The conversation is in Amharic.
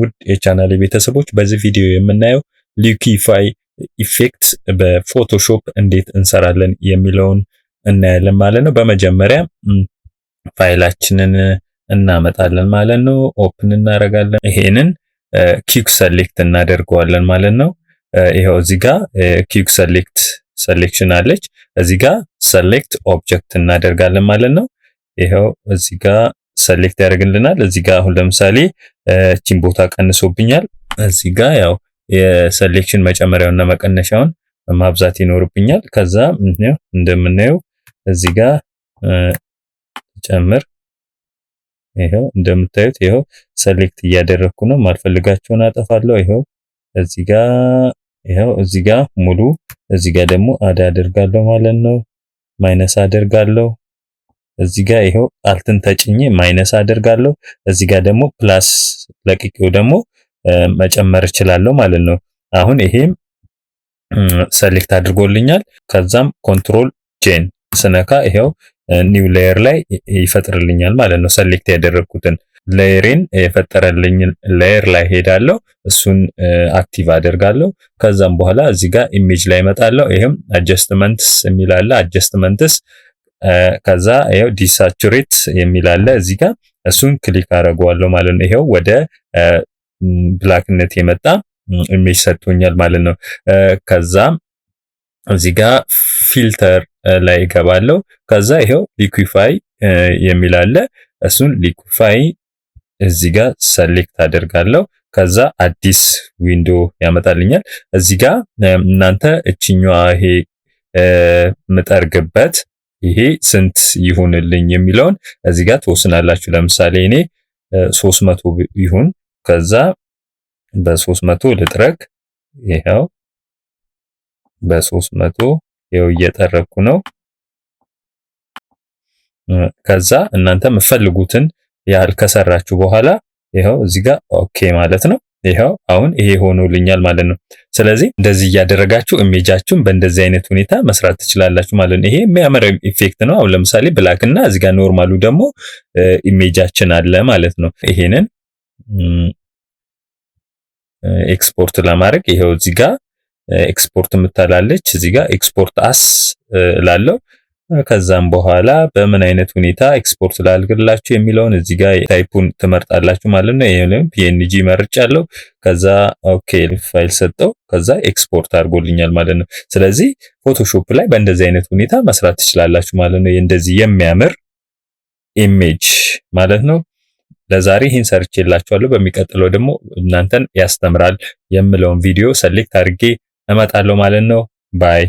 ውድ የቻናል ቤተሰቦች በዚህ ቪዲዮ የምናየው ሊኩይፋይ ኢፌክት በፎቶሾፕ እንዴት እንሰራለን የሚለውን እናያለን ማለት ነው። በመጀመሪያ ፋይላችንን እናመጣለን ማለት ነው። ኦፕን እናደርጋለን። ይሄንን ኪክ ሰሌክት እናደርገዋለን ማለት ነው። ይሄው እዚህ ጋር ኪክ ሰሌክት ሰሌክሽን አለች። እዚህ ጋር ሰሌክት ኦብጀክት እናደርጋለን ማለት ነው። ይሄው እዚህ ጋር ሰሌክት ያደርግልናል። እዚህ ጋር አሁን ለምሳሌ እቺን ቦታ ቀንሶብኛል። እዚህ ጋር ያው የሰሌክሽን መጨመሪያውና መቀነሻውን ማብዛት ይኖርብኛል። ከዛ እንደምናየው እዚህ ጋር ጨምር ይሄው እንደምታዩት ይሄው ሰሌክት እያደረግኩ ነው። ማልፈልጋቸውን አጠፋለሁ። ይሄው እዚህ ጋር ይሄው እዚህ ጋር ሙሉ እዚህ ጋር ደግሞ አድ አደርጋለሁ ማለት ነው። ማይነስ አደርጋለሁ። እዚህ ጋር ይሄው አልትን ተጭኜ ማይነስ አደርጋለሁ። እዚህ ጋር ደግሞ ፕላስ ለቅቄው ደግሞ መጨመር እችላለሁ ማለት ነው። አሁን ይሄም ሰሌክት አድርጎልኛል። ከዛም ኮንትሮል ጄን ስነካ ይሄው ኒው ሌየር ላይ ይፈጥርልኛል ማለት ነው። ሰሌክት ያደረግኩትን ሌየሬን የፈጠረልኝ ሌየር ላይ ሄዳለሁ። እሱን አክቲቭ አደርጋለሁ። ከዛም በኋላ እዚህ ጋር ኢሜጅ ላይ እመጣለሁ። ይሄም አጀስትመንትስ የሚላለ አጀስትመንትስ ከዛ ይሄው ዲሳቹሬት የሚል አለ እዚህ ጋር እሱን ክሊክ አደርገዋለሁ ማለት ነው። ይሄው ወደ ብላክነት የመጣ ኢሜጅ ሰጥቶኛል ማለት ነው። ከዛ እዚህ ጋር ፊልተር ላይ እገባለሁ። ከዛ ይሄው ሊኩፋይ የሚል አለ እሱን ሊኩፋይ እዚህ ጋር ሰሌክት አደርጋለሁ። ከዛ አዲስ ዊንዶ ያመጣልኛል። እዚህ ጋር እናንተ እችኛዋ ይሄ ምጠርግበት ይሄ ስንት ይሁንልኝ የሚለውን እዚህ ጋር ትወስናላችሁ። ለምሳሌ እኔ 300 ይሁን፣ ከዛ በ300 ልጥረግ። ይሄው በ300 ይሄው እየጠረኩ ነው። ከዛ እናንተ የምትፈልጉትን ያህል ከሰራችሁ በኋላ ይሄው እዚህ ጋር ኦኬ ማለት ነው። ይኸው አሁን ይሄ ሆኖልኛል ማለት ነው። ስለዚህ እንደዚህ እያደረጋችሁ ኢሜጃችሁን በእንደዚህ አይነት ሁኔታ መስራት ትችላላችሁ ማለት ነው። ይሄ የሚያምር ኢፌክት ነው። አሁን ለምሳሌ ብላክ እና እዚህ ጋር ኖርማሉ ደግሞ ኢሜጃችን አለ ማለት ነው። ይሄንን ኤክስፖርት ለማድረግ ይሄው እዚህ ጋር ኤክስፖርት የምታላለች እዚህ ጋር ኤክስፖርት አስ ላለው ከዛም በኋላ በምን አይነት ሁኔታ ኤክስፖርት ላድርግላችሁ የሚለውን እዚህ ጋር ታይፑን ትመርጣላችሁ ማለት ነው። ይሄንም ፒኤንጂ መርጫለሁ። ከዛ ኦኬ ፋይል ሰጠው። ከዛ ኤክስፖርት አድርጎልኛል ማለት ነው። ስለዚህ ፎቶሾፕ ላይ በእንደዚህ አይነት ሁኔታ መስራት ትችላላችሁ ማለት ነው። እንደዚህ የሚያምር ኢሜጅ ማለት ነው። ለዛሬ ይህን ሰርቼላችኋለሁ። በሚቀጥለው ደግሞ እናንተን ያስተምራል የምለውን ቪዲዮ ሰሌክት አድርጌ እመጣለሁ ማለት ነው። ባይ